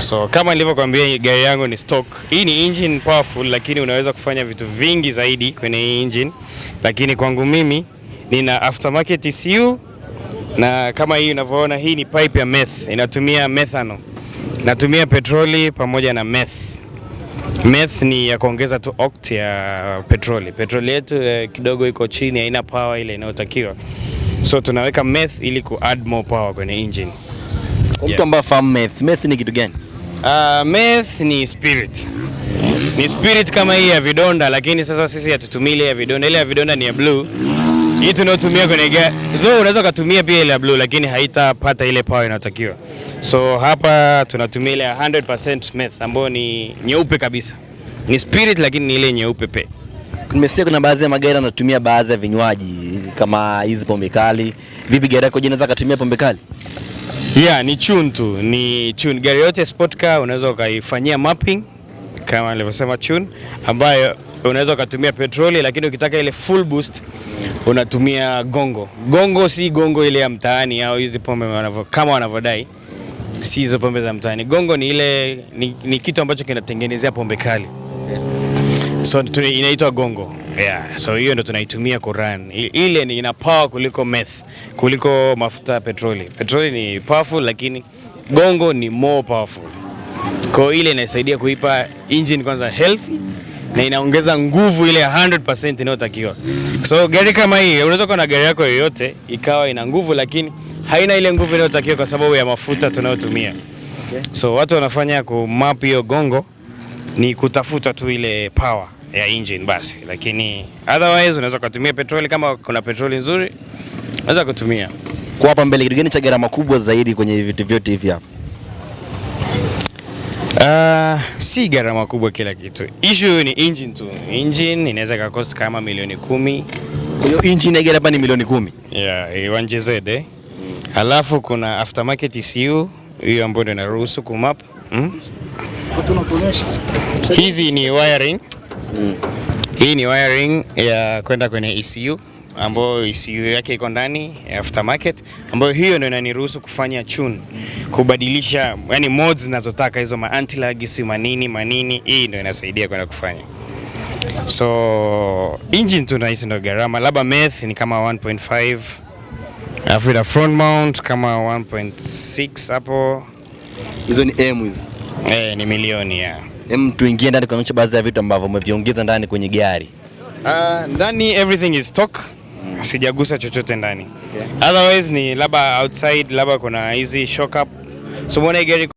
So kama nilivyokuambia, gari yangu ni stock. Hii ni engine powerful, lakini unaweza kufanya vitu vingi zaidi kwenye hii engine, lakini kwangu mimi nina aftermarket ECU na kama hii unavyoona, hii ni pipe ya meth, inatumia methano, natumia petroli pamoja na meth. Meth ni ya kuongeza tu oct ya petroli. Petroli yetu eh, kidogo iko chini, haina power ile inayotakiwa, so tunaweka meth ili ku add more power kwenye engine. Mtu ambaye fahamu meth, meth ni kitu gani? Uh, meth ni spirit, ni spirit kama hii ya vidonda, lakini sasa sisi hatutumii ile ya vidonda. Ile ya vidonda ni ya blue, hii tunaotumia kwenye gari, though unaweza ukatumia pia ile ya blue, lakini haitapata ile power inayotakiwa. So hapa tunatumia ile 100% meth ambayo ni nyeupe kabisa, ni spirit, lakini ni ile nyeupe pe. Nimesikia kuna baadhi ya magari yanatumia baadhi ya vinywaji kama hizi pombe kali. Vipi gari yako je, kutumia pombe kali? Yeah, ni tune tu, ni tune. Gari yote sport car unaweza ukaifanyia mapping kama alivyosema tune, ambayo unaweza ukatumia petroli, lakini ukitaka ile full boost unatumia gongo. Gongo si gongo ile ya mtaani au hizi pombe wanavyo, kama wanavyodai si hizo pombe za mtaani. Gongo ni ile ni, ni kitu ambacho kinatengenezea pombe kali, so inaitwa gongo. Yeah, so hiyo ndo tunaitumia Quran. Ile ni ina power kuliko meth, kuliko mafuta ya petroli. Petroli ni powerful lakini gongo ni more powerful. Kwa ile inasaidia kuipa engine kwanza healthy na inaongeza nguvu ile 100% inayotakiwa. So gari kama hii unaweza kuwa na gari yako yoyote ikawa ina nguvu lakini haina ile nguvu inayotakiwa kwa sababu ya mafuta tunayotumia. Okay. So watu wanafanya kumap hiyo gongo ni kutafuta tu ile power ya engine basi, lakini otherwise unaweza kutumia petroli kama kuna petroli nzuri unaweza kutumia. Kwa hapa mbele, kitu gani cha gharama kubwa zaidi kwenye vitu vyote hivi hapa? Uh, si gharama kubwa kila kitu. Issue ni engine tu. Engine inaweza ka kama milioni kumi. Kwa hiyo engine ya gari hapa ni milioni kumi. Yeah, 1JZ eh. Mm. Alafu kuna aftermarket ECU hiyo ambayo ndio inaruhusu kumap. Mm? Hizi ni wiring Mm. Mm. Hii ni wiring ya kwenda kwenye ECU ambayo ECU yake iko ndani ya aftermarket, ambayo hiyo ndio inaniruhusu kufanya tune, kubadilisha yani mods zinazotaka hizo ma anti lag si manini manini, hii ndio inasaidia kwenda kufanya. So engine tu nahisi ndio gharama, labda math ni kama 1.5, alafu ina front mount kama 1.6 hapo. Hizo ni M hizo eh, ni milioni ya Hem, tuingie ndani kuonyesha baadhi ya vitu ambavyo umeviongeza ndani kwenye gari. Uh, ndani everything is stock. Sijagusa chochote ndani. Okay. Otherwise ni laba outside, laba kuna hizi shock up. So mbona gari